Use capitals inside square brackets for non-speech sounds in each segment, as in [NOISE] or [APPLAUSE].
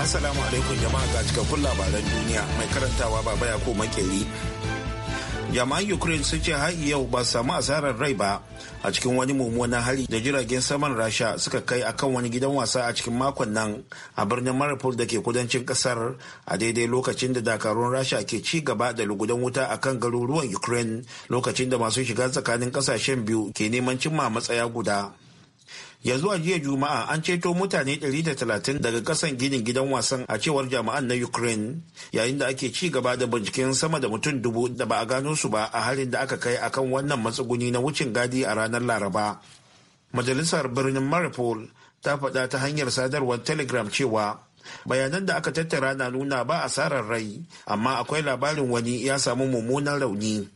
Assalamu alaikum jama'a ga cikakkun labaran duniya mai karantawa baba ya ko makeri. Jama'an Ukraine sun ce har yau ba samu asarar rai ba a cikin wani mummunan hari da jiragen saman Rasha suka kai akan wani gidan wasa a cikin makon nan a birnin Mariupol da ke kudancin kasar a daidai lokacin da dakarun Rasha ke ci gaba da lugudan wuta akan garuruwan Ukraine lokacin da masu shiga tsakanin kasashen biyu ke neman cimma matsaya guda. ya zuwa jiya juma'a an ceto mutane 130 daga kasan ginin gidan wasan a cewar jami'an na ukraine yayin da ake ci gaba da binciken sama da mutum dubu da ba a gano su ba a halin da aka kai akan wannan matsuguni na wucin gadi a ranar laraba majalisar birnin maripol ta faɗa ta hanyar sadarwar telegram cewa bayanan da aka tattara na nuna ba asarar rai amma akwai labarin wani ya samu mummunan rauni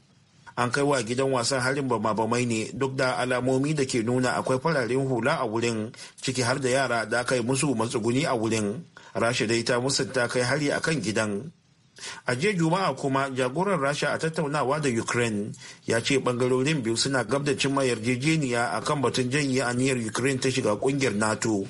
an kai wa gidan wasan harin bama-bamai ne duk da alamomi da ke nuna akwai fararen hula a wurin ciki har da yara da aka yi musu matsuguni a wurin rasha dai ta musanta kai hari a kan gidan a jiya juma'a kuma jagoran rasha a tattaunawa da ukraine ya ce bangarorin biyu suna gab da cimma yarjejeniya akan batun janye aniyar ukraine ta shiga kungiyar nato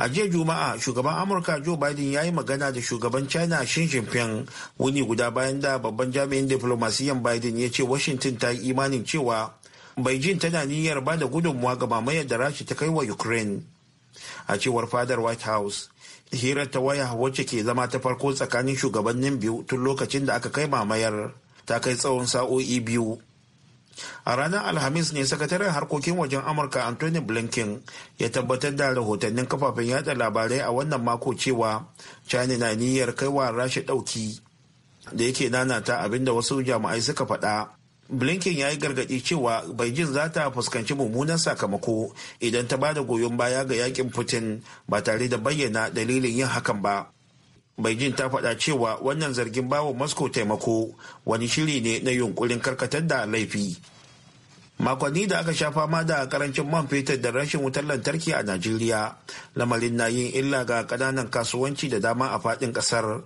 a jiya juma'a shugaban amurka joe biden ya yi magana da shugaban china xi jinping wuni guda bayan da babban jami'in diplomasiyan biden ya ce washington ta yi imanin cewa beijing tana niyyar ba da gudunmuwa ga mamayar da rashi ta kai wa ukraine a cewar fadar white house hirar ta waya wacce ke zama ta farko tsakanin shugabannin biyu tun lokacin da aka kai mamayar ta kai tsawon sa'o'i biyu a ranar alhamis ne sakataren harkokin wajen amurka anthony blinken ya tabbatar da rahotannin kafafen yada labarai a wannan mako cewa china na niyyar kaiwa rasha dauki da yake nanata abinda wasu jami'ai suka faɗa blinken ya yi gargaɗi cewa beijing za ta fuskanci mummunan sakamako idan ta ba da goyon baya ga yakin putin ba tare da bayyana dalilin yin hakan ba beijing ta faɗa cewa wannan zargin bawa moscow taimako wani shiri ne na yunkurin karkatar da laifi makonni da aka sha fama da karancin man fetur da rashin wutar lantarki a najeriya lamarin na yin illa ga kananan kasuwanci da dama a faɗin ƙasar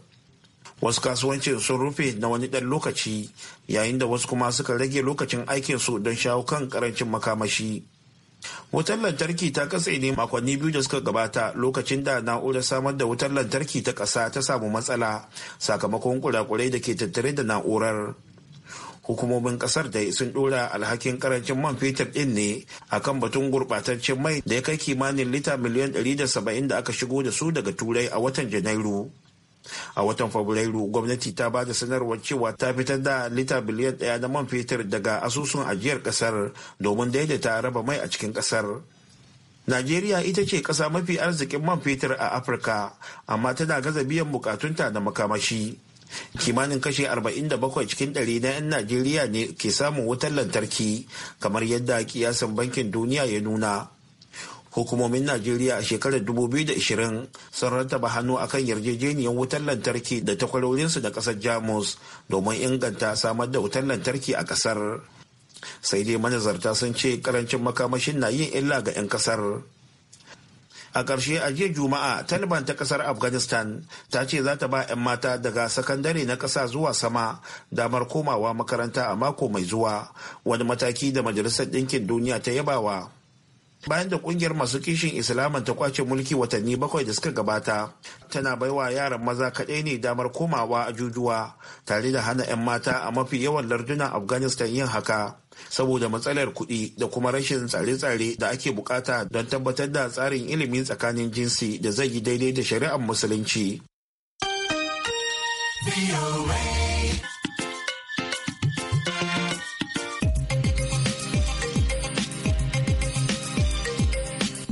wasu kasuwancin sun rufe na wani ɗan lokaci yayin da wasu kuma suka rage lokacin aikinsu don shawo kan karancin makamashi Wutar lantarki ta katse ne makonni biyu da suka gabata lokacin da na'urar samar da wutar lantarki ta kasa ta samu matsala sakamakon kurakurai da ke tattare da na'urar. Hukumomin kasar da sun ɗora alhakin karancin man fetur din ne akan batun gurbataccen mai da ya kai kimanin lita miliyan 170 da aka shigo da su daga turai a watan Janairu. a watan fabrairu gwamnati ta ba da sanarwar cewa ta fitar da lita biliyan daya na man fetur daga asusun ajiyar kasar domin daidaita raba mai a cikin kasar najeriya ita ce ƙasa mafi arzikin man fetur a afirka amma tana gaza biyan bukatunta da makamashi kimanin kashe 47 cikin ɗari na 'yan najeriya ne ke samun wutar lantarki kamar yadda kiyasan bankin duniya ya nuna hukumomin najeriya a shekarar 2020 sun rattaba hannu akan yarjejeniyar wutar lantarki da takwarorinsu da kasar jamus domin inganta samar da wutar lantarki a kasar sai dai manazarta sun ce karancin makamashin na yin illa ga 'yan kasar a ƙarshe a jiya juma'a taliban ta ƙasar afghanistan ta ce za ta ba 'yan mata daga sakandare na ƙasa zuwa sama damar komawa makaranta a mako mai zuwa wani mataki da majalisar ɗinkin duniya ta yabawa bayan da kungiyar masu kishin islaman ta kwace mulki watanni bakwai da suka gabata tana baiwa yaran maza kaɗai ne damar komawa a ajujuwa tare da hana 'yan mata a mafi yawan lardunan afghanistan yin haka saboda matsalar kuɗi da kuma rashin tsare-tsare da ake bukata don tabbatar da tsarin ilimi tsakanin jinsi da zai yi daidai da shari'ar musulunci.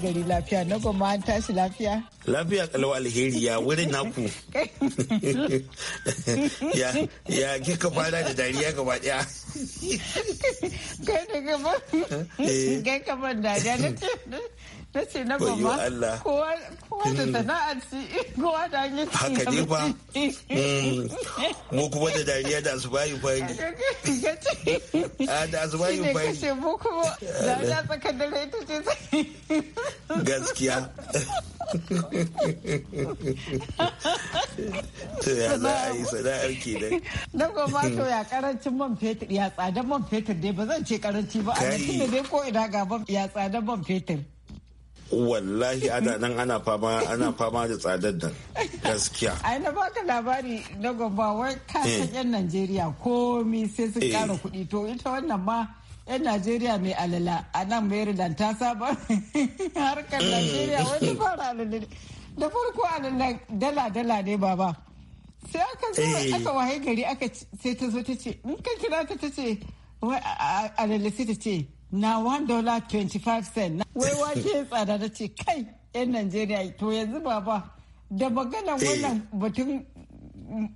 gari lafiya na goma an tashi lafiya lafiya kalau alheri ya wurin naku ya ya ke ka fara da dariya gaba daya kai da gaba eh. kai da dariya na na ce na babba kowa da hmm. sana'arci kowa da hanyar ci haka ne ba mu kuma da dariya da su bayi fari a da su bayi fari shi ne kashe mu kuma da ya tsakar da rai ta ce gaskiya to ya za a yi sana'ar kenan na goma to ya karancin man fetur ya tsadan man fetur dai ba zan ce karanci ba a da dai ko ina ga ya tsadan man fetur wallahi ana nan ana fama ana fama da tsadar nan gaskiya ai na baka labari na gomba wai kasan eh. yan Najeriya komi sai su eh. kara kuɗi to ita wannan ma yan Najeriya mai alala a nan Maryland ta saba [LAUGHS] harkar Najeriya mm. wani fara alala da farko alala dala dala ne baba sai aka zo eh. aka wahai gari aka sai ta zo ta ce in ka kira ta ta ce wai alala sai ta ce na one dollar 25 cent wai [LAUGHS] wake tsada da ce kai yan najeriya to yanzu baba da maganan eh. wannan batun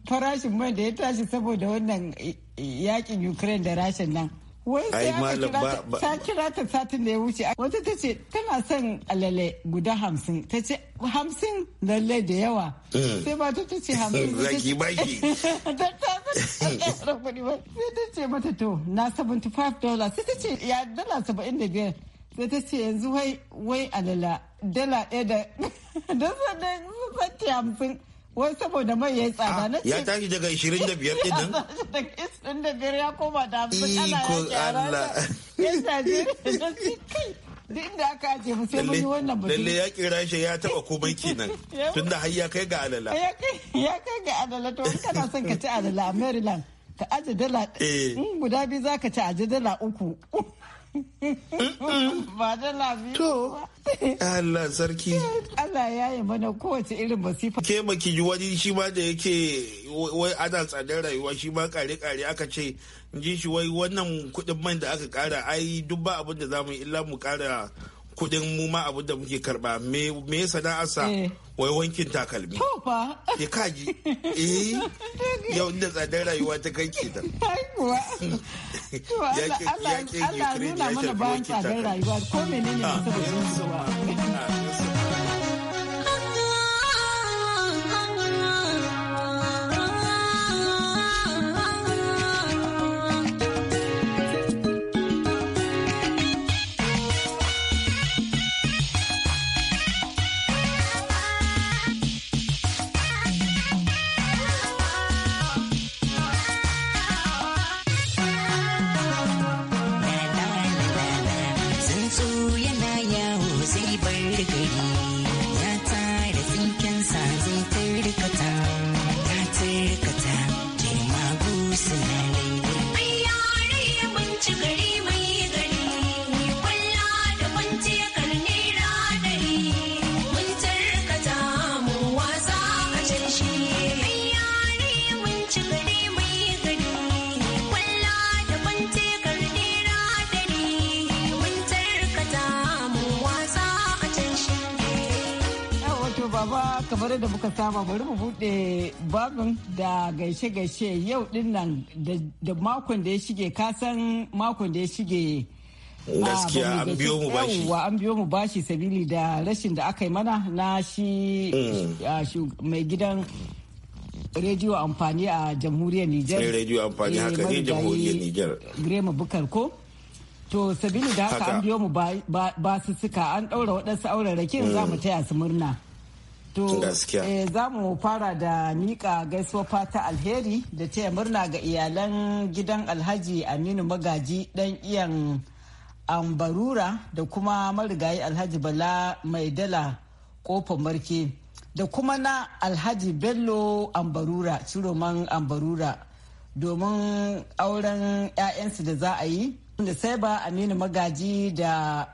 farashin mai da ya tashi saboda wannan eh, yakin ukraine da rashin nan wai sai aka ta kira ta satin da ya wuce wata ta ce tana son alale guda hamsin ta ce hamsin lalle da yawa eh. sai ba ta ce hamsin [LAUGHS] zaki baki [LAUGHS] ta ta ce mata to na 75 dollars sai ta ce ya dala 75 sai ta ce yanzu wai alala dala ɗaya da [LAUGHS] da hamsin wai saboda mai yayi tsada ah, na ya tashi daga 25 din [LAUGHS] nan daga 25 ya koma da 50 ana ya kyara ya tashi da [LAUGHS] kai duk inda aka aje mu sai mun yi wannan batu lalle ya kira shi ya taba komai kenan [LAUGHS] tunda har ya kai ga alala ya kai ga alala to kana son ka ci alala a Maryland ka aje dala eh. in guda biyu za ka ci aje dala uku Ba da To, Allah sarki. Allah ya yi mana kowace irin masifa. Ke maki wani shi ma da yake wai ana tsadar rayuwa shi ma kare-kare aka ce in ji shi wai wannan kudin man da aka kara ai duk ba abin da za muyi illa mu kara kudin mu ma abu da muke karba me ya sana'arsa eh. wai wankin takalmi ya eh, kaji eh yau da tsadar rayuwa ta kai ke dan ya ke ya ya takalmi. da muka saba bari mu bude babin da gaishe-gaishe yau din nan da makon da ya shige kasan makon da ya shige ah, gaskiya an biyo mu bashi yawwa an biyo mu bashi sabili da rashin da aka yi mana na shi mm. ah, mai gidan rediyo amfani a jamhuriyar Nijar. rediyo amfani haka ne eh, jamhuriyar niger. Grema Bukar ko? To sabili da haka an biyo mu ba su suka an daura waɗansu aurarakin mm. za mu taya su murna. To, eh, za mu fara da mika gaisuwa fata alheri da taya murna ga iyalan gidan alhaji Aminu Magaji dan iyan ambarura da kuma marigayi alhaji Bala Maidala kofar marke da kuma na alhaji Bello ambarura ciroman ambarura domin auren 'ya'yansu da za a yi da sai ba Aminu Magaji da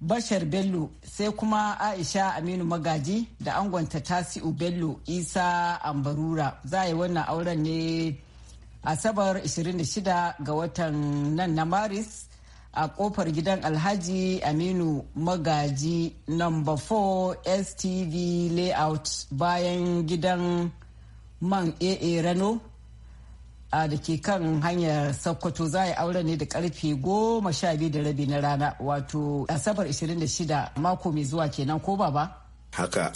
Bashar Bello sai kuma Aisha Aminu Magaji da angonta Tasi'u Bello Isa Ambarura za yi wannan auren ne Asabar 26 ga watan nan na Maris a kofar gidan Alhaji Aminu Magaji No. 4 STV Layout bayan gidan man AA Rano da ke kan hanyar sokoto za a aure ne da karfe goma sha biyu da rabi na rana wato asabar 26 mako mai zuwa kenan ko ba. haka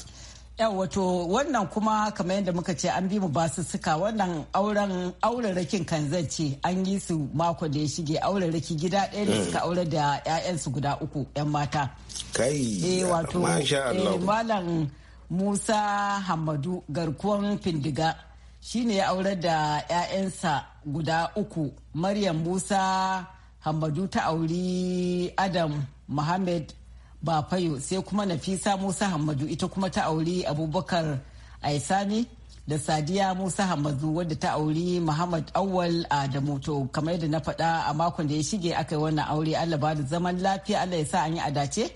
yan wato wannan kuma kamar yadda muka ce an bi mu basu suka wannan auren aurarakin kan zan ce an yi su mako da ya shige auraraki gida ɗaya da mm. suka aure da 'ya'yansu guda uku 'yan mata kai eh wato eh, malam musa hamadu garkuwan findiga Shi ne ya aurar da 'ya'yansa guda uku maryam musa hamadu ta auri adam muhammad bafayo sai kuma nafisa musa hamadu ita kuma ta auri abubakar aisani da sadiya musa hamadu wadda ta auri muhammad awal adamu to kamar yadda na faɗa a makon da ya shige aka yi wannan aure allah ba da zaman lafiya allah ya sa an yi a dace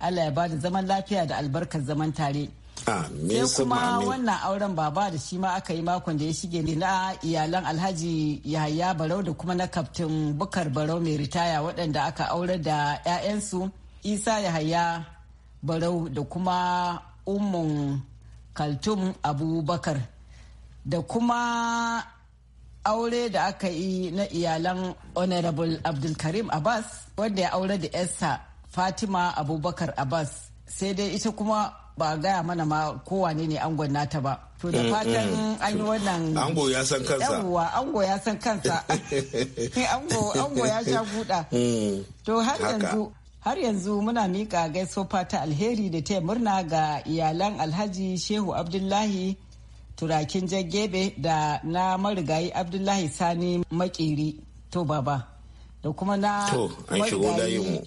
allah ya ba da zaman lafiya da albarkar zaman tare sai kuma wannan auren baba da shi ma aka yi makon da ya shige ne na iyalan alhaji yahaya barau da kuma na kaftin bukar barau mai ritaya waɗanda aka aurar da 'ya'yansu isa yahaya barau da kuma ummun kaltum abubakar da kuma aure da aka yi na iyalan honorable abdulkarim abbas wanda ya aure da esther fatima abubakar abbas sai dai ita kuma ba gaya mana ma kowane ne angon nata ba to da mm, mm. fatan an yi wannan ango ya san kansa yawwa ango ya san kansa [LAUGHS] eh, ango ya sha guda mm. to har yanzu har yanzu muna mika gaisofa ta alheri da ta murna ga iyalan alhaji shehu abdullahi turakin jaggebe da na marigayi abdullahi sani makiri to baba da kuma na mm.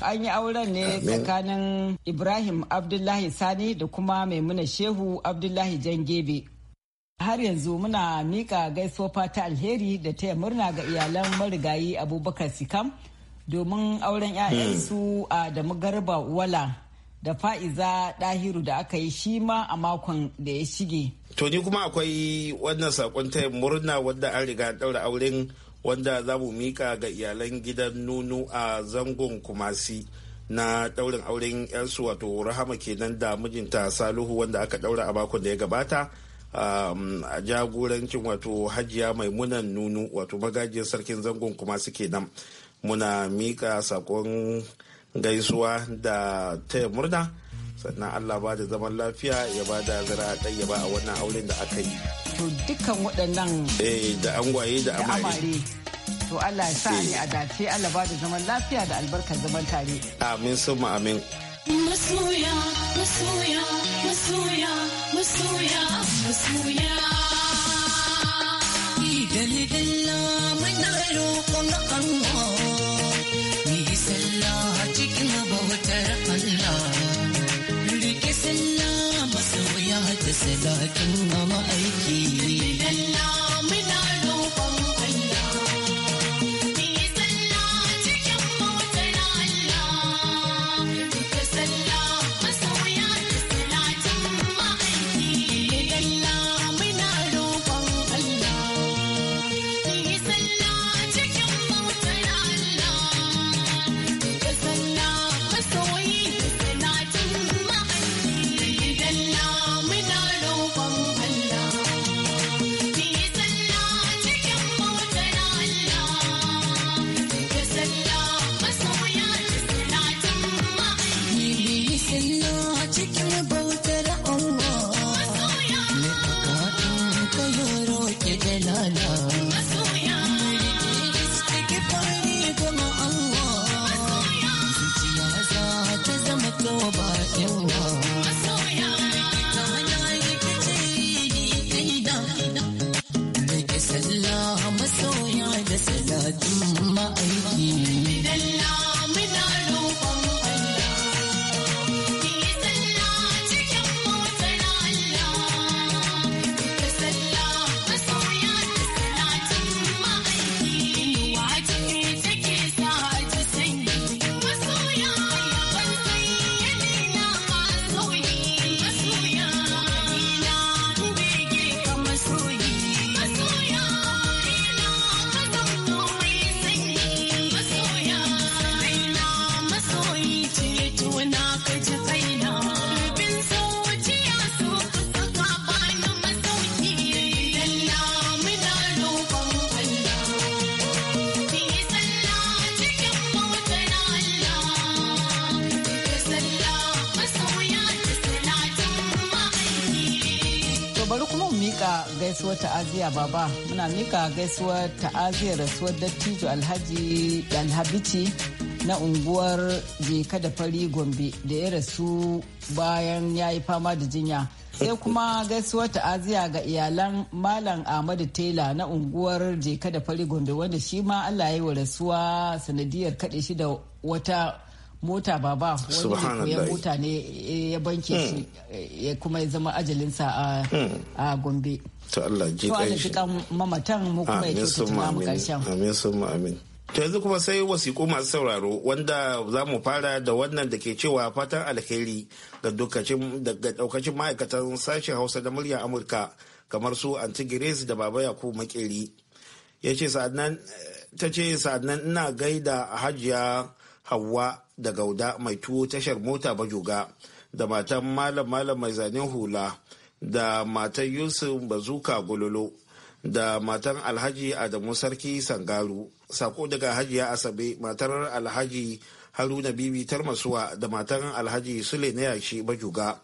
an yi auren ne tsakanin ibrahim abdullahi sani da kuma maimuna shehu abdullahi jangebe har yanzu muna mika gaisuwa fata alheri da taya murna ga iyalan marigayi abubakar sikam domin auren 'ya'yansu mm. a da garba wala da fa'iza d'ahiru da aka yi shi ma a makon da ya shige to ni kuma akwai wannan sakon taya murna wadda an riga daura auren wanda za mu mika ga iyalan gidan nunu a zangon kumasi na daurin auren yansu wato rahama kenan da mijinta saluhu wanda aka daura a bakon da ya gabata um, a jagorancin wato hajiya maimunan nunu wato magajiyar sarkin zangon kumasi kenan muna mika sakon gaisuwa da taya murna sannan Allah ba da zaman lafiya ya ba da zara ba a wannan auren da aka yi. To dukkan waɗannan. Eh da angwaye da amare. To Allah ya sa ni eh. a dace Allah ba da zaman lafiya da albarkar zaman tare. Amin summa amin. Masoya, masoya, masoya, masoya, masoya. tun gama aiki Baba muna mika gaisuwar ta'aziyar rasuwar dattijo Alhaji dalhabici na unguwar Jeka da Fari Gombe da ya rasu bayan ya yi fama da jinya. Sai kuma gaisuwar ta'aziya ga iyalan Malam Ahmadu Tela na unguwar Jeka da Fari Gombe wanda shi ma Allah ya yi wa rasuwa sanadiyar kaɗe shi da wata mota baba wani ya mota ne ya banke shi hmm. ya kuma ya zama ajalinsa a hmm. Gombe. to Allah ji shi mamatan mu kuma ya karshen amin mu amin to yanzu kuma sai wasiƙu masu sauraro wanda za mu fara da wannan da ke cewa fatan alheri ga daukacin ma'aikatan sashen hausa da murya amurka kamar su anti grace da baba yakubu makeri ya ce ta ce sa'adnan ina gaida hajiya hawa da gauda mai tuwo tashar mota bajoga da matan malam malam mai zanen hula da matan yusuf bazuka gololo da matan alhaji adamu sarki sangaru sako daga hajiya asabe matar alhaji haruna bibi tarmasuwa da matan alhaji sule na yashi bajuga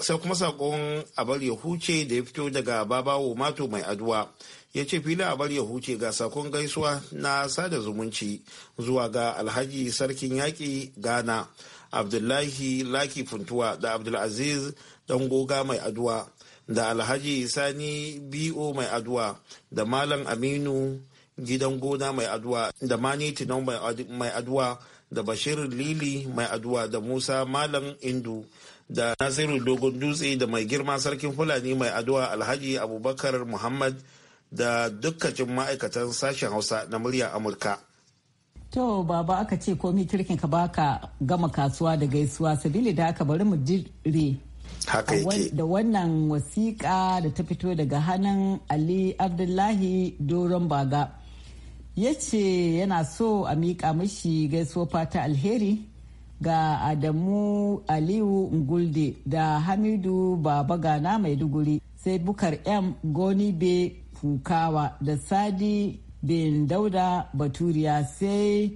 sai kuma sakon abar yahuce da ya fito daga babawo mato mai aduwa ya ce fili abar ya huce ga sakon gaisuwa na sada zumunci zuwa ga alhaji sarkin yaƙi ghana abdullahi laki funtuwa da abdulaziz dan goga mai aduwa da alhaji sani bo mai aduwa da malam aminu gidan gona mai aduwa da mani tinau mai aduwa da bashir lili mai aduwa da musa malam indu da nasiru dogon dutse da mai girma sarkin fulani mai aduwa alhaji abubakar muhammad da dukkacin ma'aikatan sashen hausa na murya amurka To baba aka ce komi kirkin ka baka gama kasuwa da gaisuwa sabili da aka bari mu jire da wannan wasiƙa da ta fito daga hannun Ali Abdullahi Doron Baga. Ya ce yana so a miƙa mashi gaisuwa fata alheri ga Adamu Aliyu Ngulde da Hamidu Baba Gana Maiduguri sai Bukar M Goni Be Fukawa da Sadi bin dauda baturiya sai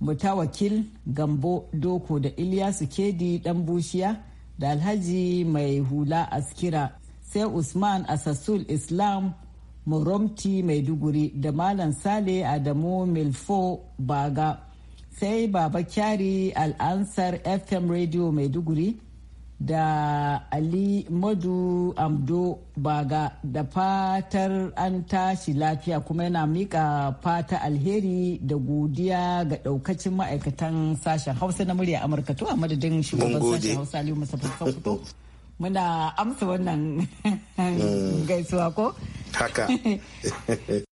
muta wakil gambo doko da ilyasu kedi dan bushiya da alhaji mai hula askira sai usman asasul islam muromti maiduguri da malam sale adamu milfo baga sai baba kyari al'ansar fm radio maiduguri da ali madu amdo baga da fatar an tashi lafiya kuma yana mika fata alheri da godiya ga daukacin ma'aikatan sashen hausa na murya amurka to a madadin shugaban sashen hausa aliyu musafar muna amsa wannan [LAUGHS] mm. gaisuwa ko haka [LAUGHS]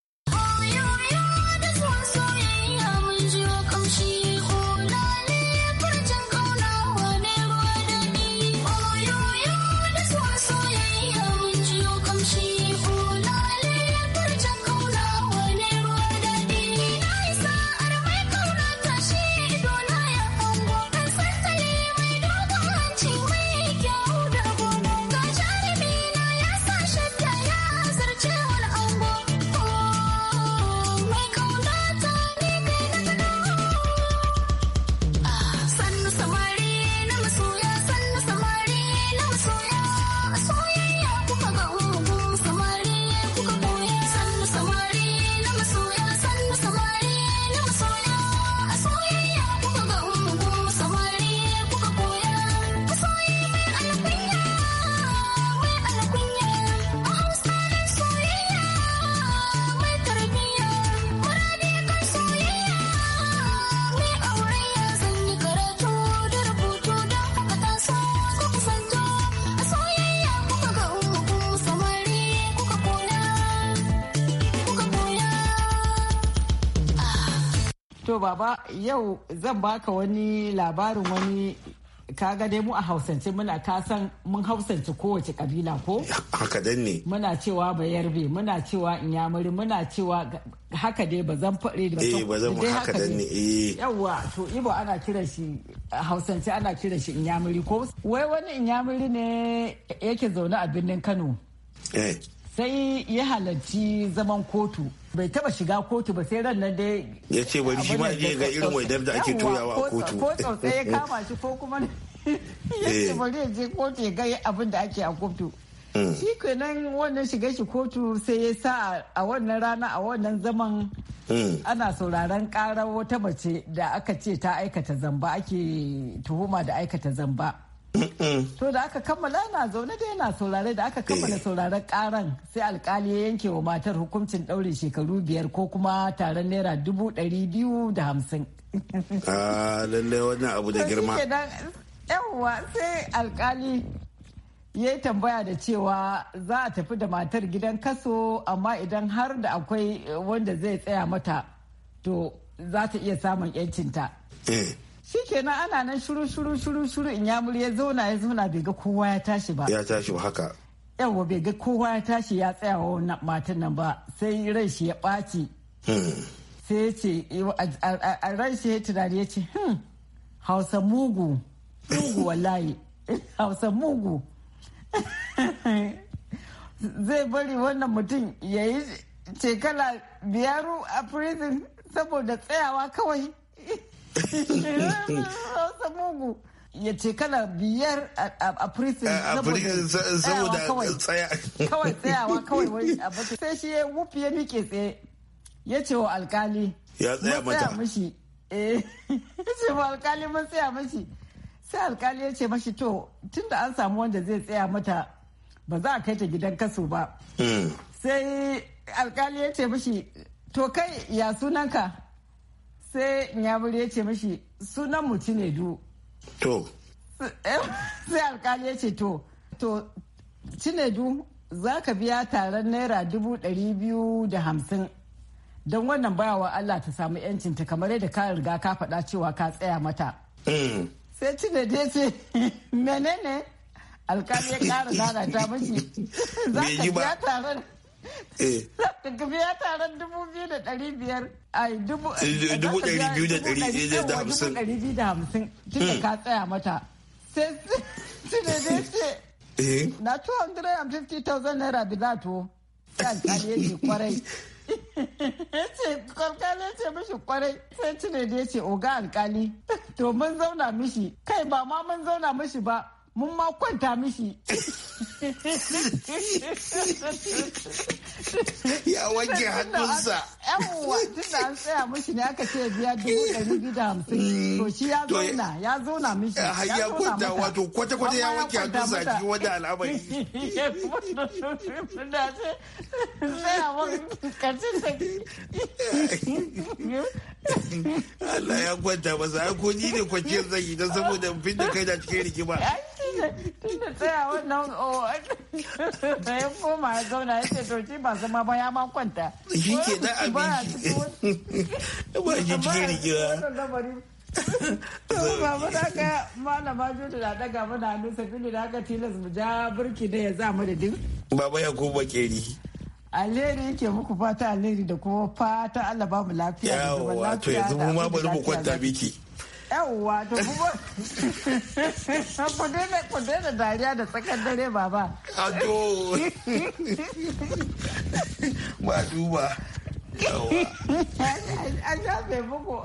to baba yau zan baka wani labarin wani kaga dai mu a hausance muna kasan mun hausance kowace kabila ko haka dan ne muna cewa bayarbe muna cewa inyamuri muna cewa haka dai ba zan fare da ba eh, haka dan ne eh. yawa to ibo ana kira shi hausance ana kira shi inyamuri ko wai wani inyamuri ne yake zaune a birnin Kano eh. sai ya halarci zaman kotu bai taba shiga kotu ba sai ran nan dai ya ce wani shi ma je ga irin waidar da ake toyawa a kotu ko sai ya [LAUGHS] kama shi ko kuma [LAUGHS] ya ce eh. bari ya je kotu ya ga abin da ake a kotu mm. shi kenan wannan shiga shi kotu sai ya sa a wannan rana a wannan zaman mm. ana sauraron karar wata mace da aka ce ta aikata zamba ake tuhuma da aikata zamba To da aka kammala na zaune da yana saurare da aka kammala eh. sauraren karan sai alkali ya yanke wa matar hukuncin ɗaure shekaru biyar ko kuma taron naira dubu ɗari biyu da hamsin. [LAUGHS] Ah, lallai wannan abu da girma. Yawwa sai alkali ya yi tambaya da cewa za a tafi da matar gidan kaso amma idan har da akwai wanda zai tsaya mata to za ta iya samun 'yancinta. Eh. shikenan ana nan shuru shuru shuru shuru in yamuri ya zauna ya zauna bai ga kowa ya tashi ba ya tashi ba haka yawa bai ga kowa ya tashi ya tsaya wa wannan matan nan ba sai ran shi ya ɓaci hmm. sai ya ce a ran shi ya tunani ya ce hmm, hausa mugu mugu wallahi [LAUGHS] hausa mugu [LAUGHS] zai bari wannan mutum ya yi shekara biyaru a prison saboda tsayawa kawai Hausa mugu. ya ce kana biyar a prison saboda kawai tsayawa kawai wani abu sai shi ya wufi ya mike tsaye ya ce wa alkali ya tsaya mata mishi eh [LAUGHS] ya ce wa alkali mun tsaya mishi sai alkali ya ce mashi to tunda an samu wanda zai tsaya mata ba za a kai ta gidan kaso ba hmm. sai alkali ya ce mashi to kai ya sunanka sai nyamuri ya ce mashi sunan mutu ne du to eh, sai alkali ya ce to to cinedu za ka biya taron naira dubu ɗari biyu da hamsin don wannan bayawa allah ta samu yancinta kamar yadda ka riga ka faɗa cewa ka tsaya mata mm. sai cinedu ya ce menene alkali ya ƙara lalata mashi za ka biya taron Ka eh. dubu biyu da eh, hmm. tsaya mata. Sai su ce. Eh. Na 250,000 naira bi za to. kwarai. [LAUGHS] ce mishi kwarai sai cire da ya ce oga alkali [LAUGHS] to mun zauna mishi kai ba ma mun zauna mishi ba mun ma kwanta mishi ya wanke hannunsa yawwa tun da an tsaya mishi ne aka ce biya dubu eh. ɗari biyu da hamsin mm. to shi ya zauna ya zauna mishi ah, ya kwanta wato kwata kwata ya wanke hannunsa ki wanda al'amari [LAUGHS] Allah ya kwanta masa ko ni ne kwanciyar zai yi don saboda fin da kai da cikin rigima tun da tsaya wannan oh, da ya koma ya zauna ya ce to shi ba zama ba ya ma kwanta shi ke da abin [LAUGHS] ba shi cikin rikewa [LAUGHS] Babu da aka malama Jojo na daga mana hannu sabili da aka tilas mu ja birki da ya za mu da din. Baba ya kuma keri. Alheri yake muku fata alheri da kuma fata Allah ba mu lafiya. Yawo wato yanzu mu ma bari mu kwanta biki. yawwa to kuma [LAUGHS] ku daina dariya da tsakar dare baba ado ba duba [LAUGHS] an shafe muku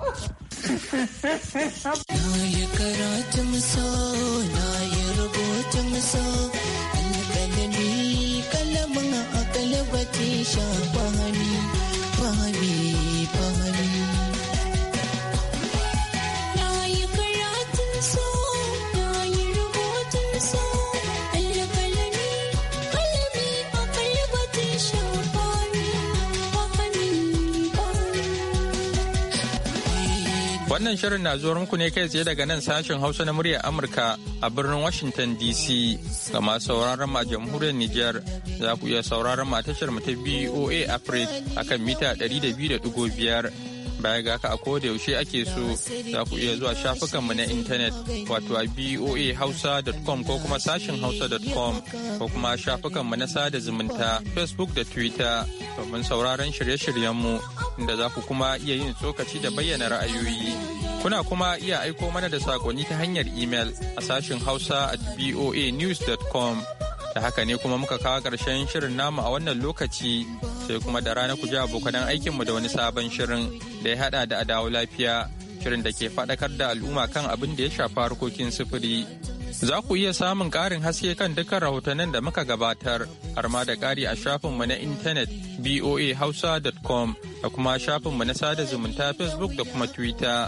na yi karatun so na yi rubutun so an kalami kalamin a kalabati shafa Wannan shirin na zuwa muku ne kai tsaye daga nan sashen Hausa na muryar Amurka a birnin Washington DC. Ga masu sauraron ma jamhuriyar niger za ku iya sauraron ma tashar mu ta BOA Africa akan mita 200.5 Baya ga haka a koda yaushe ake so za ku iya zuwa shafukanmu na intanet wato a boa hausa.com ko kuma sashin hausa.com ko kuma shafukanmu na sada zumunta Facebook da Twitter domin sauraron shirye-shiryenmu inda za ku kuma iya yin tsokaci da bayyana ra'ayoyi. Kuna kuma iya aiko mana da sakonni ta hanyar email a sashin hausa at news.com Da haka ne kuma muka kawo ƙarshen shirin namu a wannan lokaci sai kuma da rana ku ji abokanan aikinmu da wani sabon shirin da ya hada da adawo lafiya shirin da ke faɗakar da al'umma kan abin da ya shafa harkokin sufuri. Za ku iya samun ƙarin haske kan dukkan rahotannin da muka gabatar har ma da ƙari a shafinmu na intanet boahausa.com da kuma shafinmu na sada zumunta Facebook da kuma Twitter.